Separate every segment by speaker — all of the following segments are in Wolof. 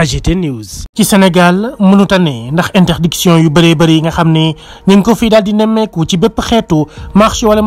Speaker 1: AGT News. ci Sénégal mënut a ne ndax interdiction yu bëree bëri yi nga xam ne ñu ngi ko fii daal di nemmeeku ci bépp xeetu marche wala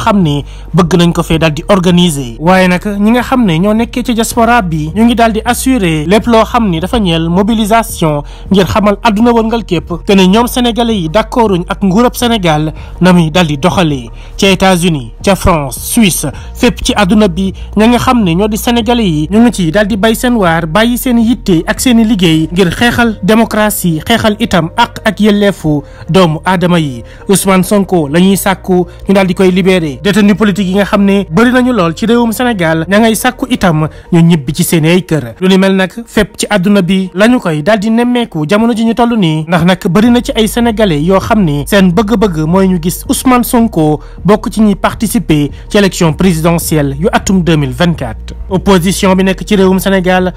Speaker 1: xam ne bëgg nañ ko fee daal di organiser. waaye nag ñi nga xam ne ñoo nekkee ci diaspora bi ñu ngi daal di assurer lépp loo xam ni dafa ñeel mobilisation ngir xamal àdduna wërngal képp te ne ñoom sénégalais yi d'accorduñ ak nguurab Sénégal na muy daal di doxalee ca États-Unis ca France Suisse fépp ci àdduna bi ña nga xam ne ñoo di sénégalais yi ñu ngi ci daal di bay seen waar bàyyi seen yitte ak seen i liggéey ngir xeexal démocratie xeexal itam ak ak yelleefu doomu aadama yi Ousmane Sonko la ñuy sàkku ñu daal di koy libéré détenu politique yi nga xam ne bëri nañu lool ci réewum Sénégal ña ngay sàkku itam ñu ñibbi ci seen ay kër lu ni mel nag fépp ci àdduna bi la ñu koy daal di nemmeeku jamono ji ñu toll nii ndax nag bëri na ci ay sénégalais yoo xam ni seen bëgg-bëgg mooy ñu gis Ousmane Sonko bokk ci ñi participer ci élection présidentielle yu atum 2024 opposition bi nekk ci réewum Sénégal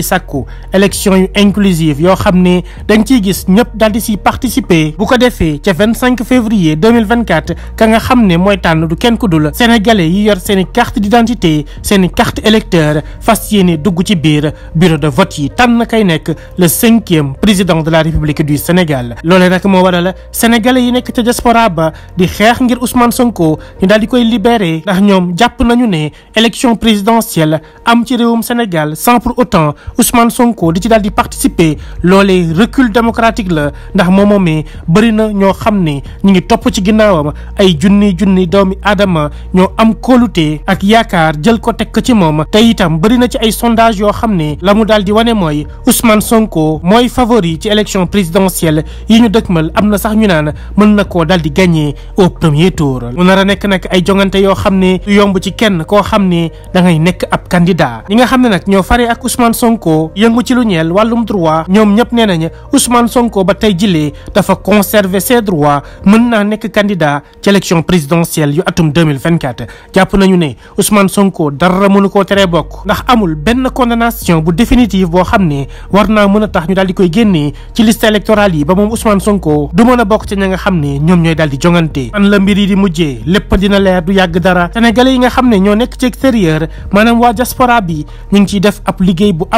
Speaker 1: di sàkku élection yu inclusive yoo xam ne dañ ciy gis ñëpp daal di siy participer bu ko defee ca février ka nga xam ne mooy tànn du kenn ku dul sénégalais yi yor seen carte d'identité seen carte électeur fas yéene dugg ci biir bureau de vote yi tànn kay nekk le cinquième président de la république du Sénégal loolee nag moo waral sénégalais yi nekk ca diaspora ba di xeex ngir Ousmane Sonko ñu daal di koy libéré ndax ñoom jàpp nañu ne élection présidentielle am ci réewum Ousmane Sonko di ci dal di participer loolee recul démocratique la ndax moomoomee bëri na ñoo xam ne ñu ngi topp ci ginnaawam ay junni junni doomi aadama ñoo am kóolute ak yaakaar jël ko teg ko ci moom tey itam bëri na ci ay sondage yoo xam ne la mu daal di wane mooy Ousmane Sonko mooy favori ci élection présidentielle yi ñu dëkkmal am na sax ñu naan mën na koo daal di gagné au premier tour mu nar a nekk nag ay jongante yoo xam ne yomb ci kenn koo xam ne da nekk ab candidat Sonko yëngu ci lu ñeel wàllum droit ñoom ñëpp nee nañu Ousmane Sonko ba tey jilee dafa conserver ses droits mën naa nekk candidat ci élection présidentielle yu atum 2024 jàpp nañu ne Ousmane Sonko dara mënu koo teree bokk ndax amul benn condamnation bu définitive boo xam ne war naa mën a tax ñu daal di koy génnee ci liste électorale yi ba moom Ousmane Sonko du mën a bokk ci ña nga xam ne ñoom ñooy daal di jongante an la mbir yi di mujjee lépp dina leer du yàgg dara yi nga xam ne ñoo nekk ci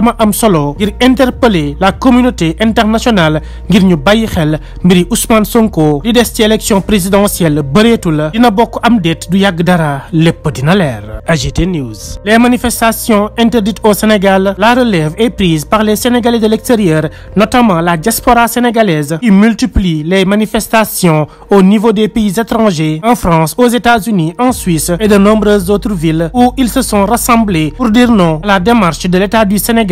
Speaker 1: ama am solo ngir interpeller la communauté internationale ngir ñu bàyyi xel mbiri Ousmane Sonko li des ci élection présidentielle bëreetul dina bokk du yàgg dara lépp dina leer AGT News. les manifestations interdites au Sénégal la relève est prise par les Sénégalais de l'extérieur notamment la diaspora sénégalaise qui multiplie les manifestations au niveau des pays étrangers en France aux États-Unis en Suisse et de nombreuses autres villes où ils se sont rassemblés pour dire non à la démarche de l'État du Sénégal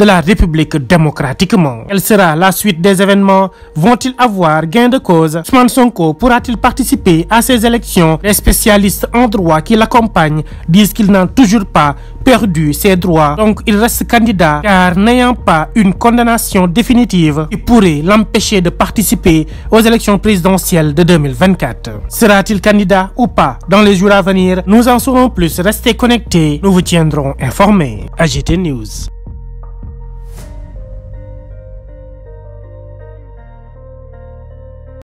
Speaker 1: de la République démocratiquement. Elle sera la suite des événements. Vont-ils avoir gain de cause? Ousmane Sonko pourra-t-il participer à ces élections? Les spécialistes en droit qui l'accompagnent disent qu'il n'a toujours pas perdu ses droits. Donc il reste candidat car n'ayant pas une condamnation définitive, il pourrait l'empêcher de participer aux élections présidentielles de 2024. Sera-t-il candidat ou pas dans les jours à venir? Nous en saurons plus.